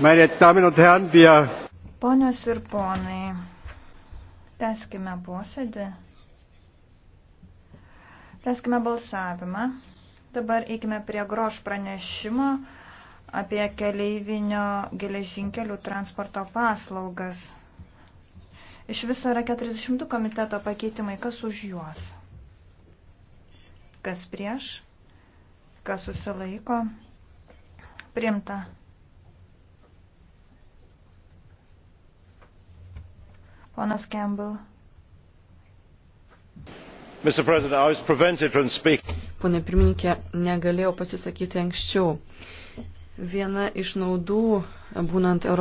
Meine Damen und Herren, wir. Ponios ir ponai, teskime posėdį. Teskime balsavimą. Dabar eikime prie grož pranešimo apie keleivinio geležinkelių transporto paslaugas. Iš viso yra 42 komiteto pakeitimai. Kas už juos? Kas prieš? Kas susilaiko? Primta. Ponas Campbell. Pone pirmininkė, negalėjau pasisakyti anksčiau. Viena iš naudų būnant Europos.